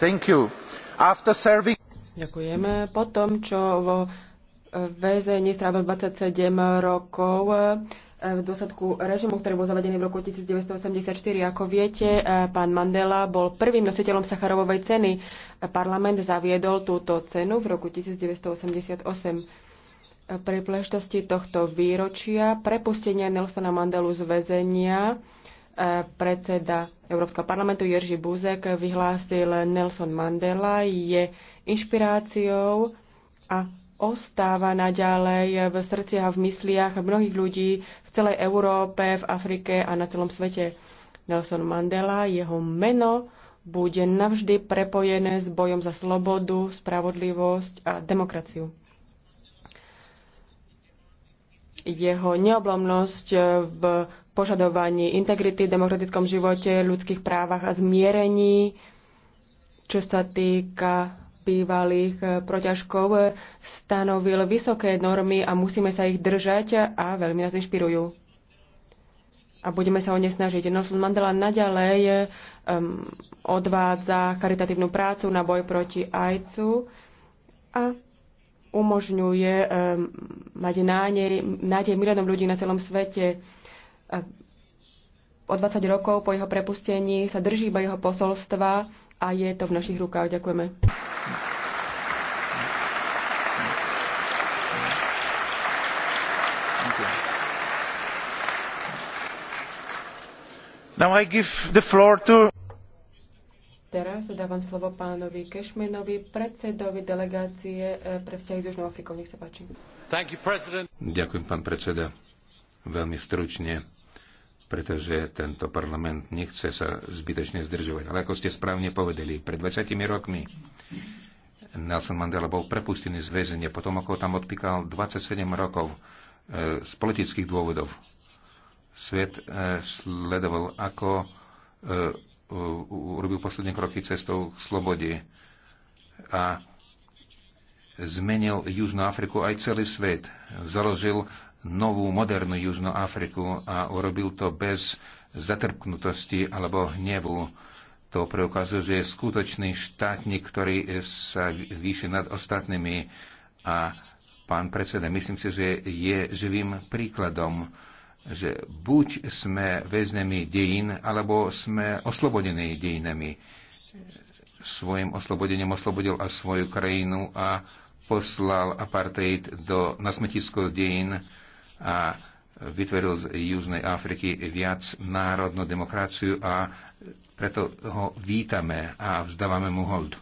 Thank you. After serving... Ďakujeme. Po tom, čo vo e, väzení strávil 27 rokov e, v dôsledku režimu, ktorý bol zavedený v roku 1984. Ako viete, e, pán Mandela bol prvým nositeľom Sacharovovej ceny. Parlament zaviedol túto cenu v roku 1988. Pri pležtosti tohto výročia prepustenia Nelsona Mandelu z väzenia predseda Európskeho parlamentu Jerzy Buzek vyhlásil Nelson Mandela je inšpiráciou a ostáva naďalej v srdciach a v mysliach mnohých ľudí v celej Európe, v Afrike a na celom svete. Nelson Mandela, jeho meno bude navždy prepojené s bojom za slobodu, spravodlivosť a demokraciu jeho neoblomnosť eh, v požadovaní integrity, demokratickom živote, ľudských právach a zmierení, čo sa týka bývalých eh, proťažkov, eh, stanovil vysoké normy a musíme sa ich držať a veľmi nás inšpirujú. A budeme sa o ne snažiť. Nelson Mandela naďalej um, odvádza charitatívnu prácu na boj proti AIDSu a umožňuje um, mať nádej, nádej miliónom ľudí na celom svete. A O 20 rokov po jeho prepustení sa drží iba jeho posolstva a je to v našich rukách. Ďakujeme. Now I give the floor to Teraz dávam slovo pánovi Kešmenovi, predsedovi delegácie eh, pre vzťahy s Južnou Afrikou. Nech sa páči. You, Ďakujem, pán predseda. Veľmi stručne, pretože tento parlament nechce sa zbytečne zdržovať. Ale ako ste správne povedali, pred 20 rokmi Nelson Mandela bol prepustený z väzenia, potom ako tam odpíkal 27 rokov e, z politických dôvodov. Svet e, sledoval, ako e, urobil posledné kroky cestou k slobode a zmenil Južnú Afriku aj celý svet. Založil novú, modernú Južnú Afriku a urobil to bez zatrpknutosti alebo hnevu. To preukazuje, že je skutočný štátnik, ktorý sa výši nad ostatnými. A pán predseda, myslím si, že je živým príkladom že buď sme väznemi dejin, alebo sme oslobodení dejinami. Svojim oslobodením oslobodil a svoju krajinu a poslal apartheid do nasmetisko dejin a vytvoril z Južnej Afriky viac národnú demokraciu a preto ho vítame a vzdávame mu hold.